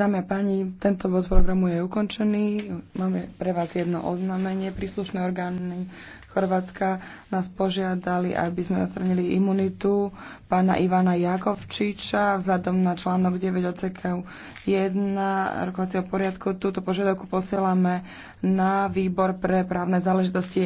Dámy a páni, tento bod programu je ukončený. Máme pre vás jedno oznámenie. Príslušné orgány Chorvátska nás požiadali, aby sme odstranili imunitu pána Ivana Jakovčiča vzhľadom na článok 9 odsekev 1 rokovacieho poriadku. Túto požiadavku posielame na výbor pre právne záležitosti